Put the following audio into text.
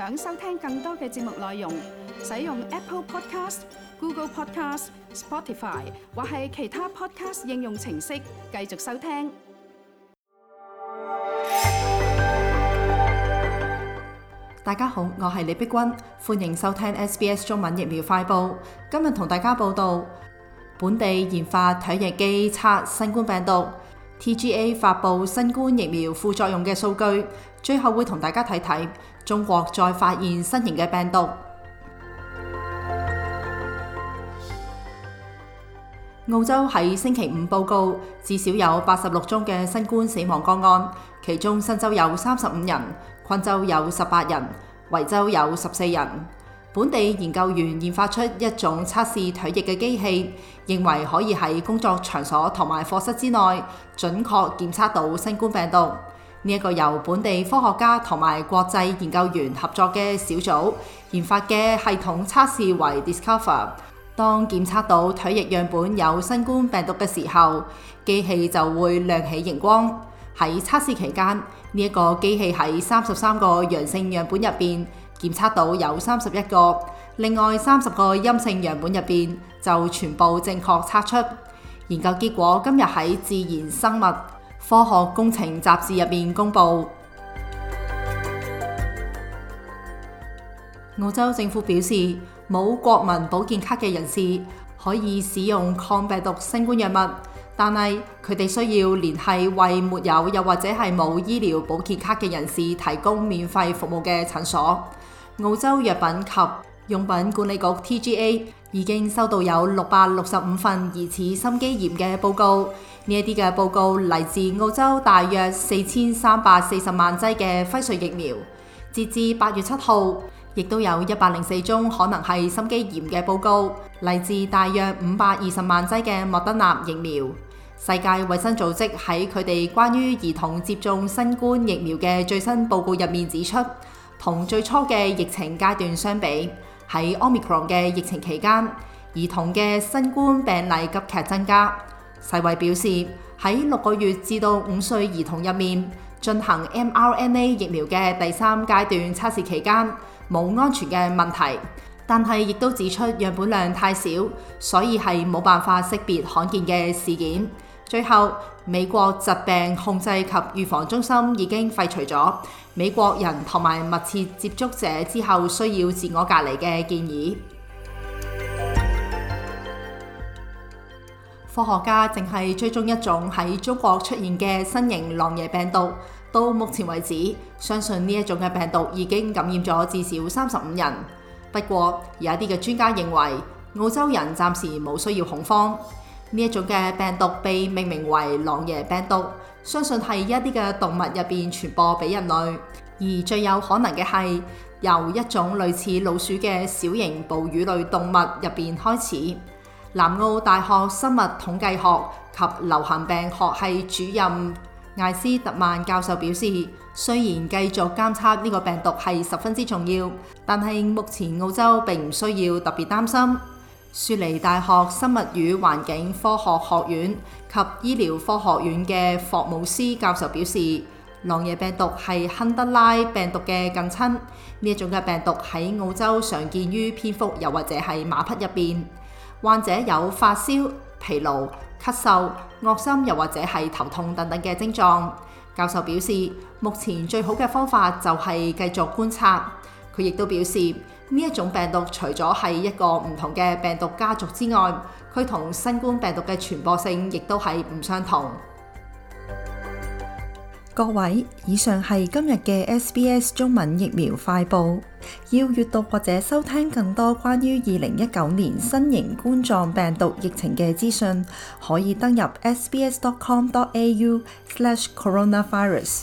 想收聽更多嘅節目內容，使用 Apple Podcast、Google Podcast、Spotify 或係其他 Podcast 應用程式繼續收聽。大家好，我係李碧君，歡迎收聽 SBS 中文疫苗快報。今日同大家報道，本地研發唾液機測新冠病毒。TGA 發佈新冠疫苗副作用嘅數據，最後會同大家睇睇中國再發現新型嘅病毒。澳洲喺星期五報告至少有八十六宗嘅新冠死亡個案，其中新州有三十五人，昆州有十八人，維州有十四人。本地研究員研發出一種測試唾液嘅機器，認為可以喺工作場所同埋課室之內準確檢測到新冠病毒。呢、這、一個由本地科學家同埋國際研究員合作嘅小組研發嘅系統測試為 Discover。當檢測到唾液樣本有新冠病毒嘅時候，機器就會亮起熒光。喺測試期間，呢、這、一個機器喺三十三個陽性樣本入邊。檢測到有三十一個，另外三十個陰性樣本入面就全部正確測出。研究結果今日喺《自然生物科學工程》雜誌入面公布。澳洲政府表示，冇國民保健卡嘅人士可以使用抗病毒新冠藥物，但係佢哋需要聯繫為沒有又或者係冇醫療保健卡嘅人士提供免費服務嘅診所。澳洲藥品及用品管理局 TGA 已經收到有六百六十五份疑似心肌炎嘅報告，呢一啲嘅報告嚟自澳洲大約四千三百四十萬劑嘅輝瑞疫苗。截至八月七號，亦都有一百零四宗可能係心肌炎嘅報告，嚟自大約五百二十萬劑嘅莫德納疫苗。世界衛生組織喺佢哋關於兒童接種新冠疫苗嘅最新報告入面指出。同最初嘅疫情階段相比，喺 Omicron 嘅疫情期間，兒童嘅新冠病例急劇增加。世衞表示，喺六個月至到五歲兒童入面進行 mRNA 疫苗嘅第三階段測試期間，冇安全嘅問題，但係亦都指出樣本量太少，所以係冇辦法識別罕見嘅事件。最後，美國疾病控制及預防中心已經廢除咗美國人同埋密切接觸者之後需要自我隔離嘅建議。科學家淨係追蹤一種喺中國出現嘅新型狼嘢病毒，到目前為止，相信呢一種嘅病毒已經感染咗至少三十五人。不過，有一啲嘅專家認為澳洲人暫時冇需要恐慌。呢一種嘅病毒被命名為狼爺病毒，相信係一啲嘅動物入面傳播俾人類，而最有可能嘅係由一種類似老鼠嘅小型哺乳類動物入面開始。南澳大學生物統計學及流行病學系主任艾斯特曼教授表示，雖然繼續監測呢個病毒係十分之重要，但係目前澳洲並唔需要特別擔心。雪梨大學生物與環境科學學院及醫療科學院嘅霍姆斯教授表示，琅琊病毒係亨德拉病毒嘅近親。呢一種嘅病毒喺澳洲常見於蝙蝠，又或者係馬匹入面。患者有發燒、疲勞、咳嗽、噁心，又或者係頭痛等等嘅症狀。教授表示，目前最好嘅方法就係繼續觀察。佢亦都表示，呢一種病毒除咗係一個唔同嘅病毒家族之外，佢同新冠病毒嘅傳播性亦都係唔相同。各位，以上係今日嘅 SBS 中文疫苗快報。要閲讀或者收聽更多關於二零一九年新型冠狀病毒疫情嘅資訊，可以登入 SBS dot com dot au slash coronavirus。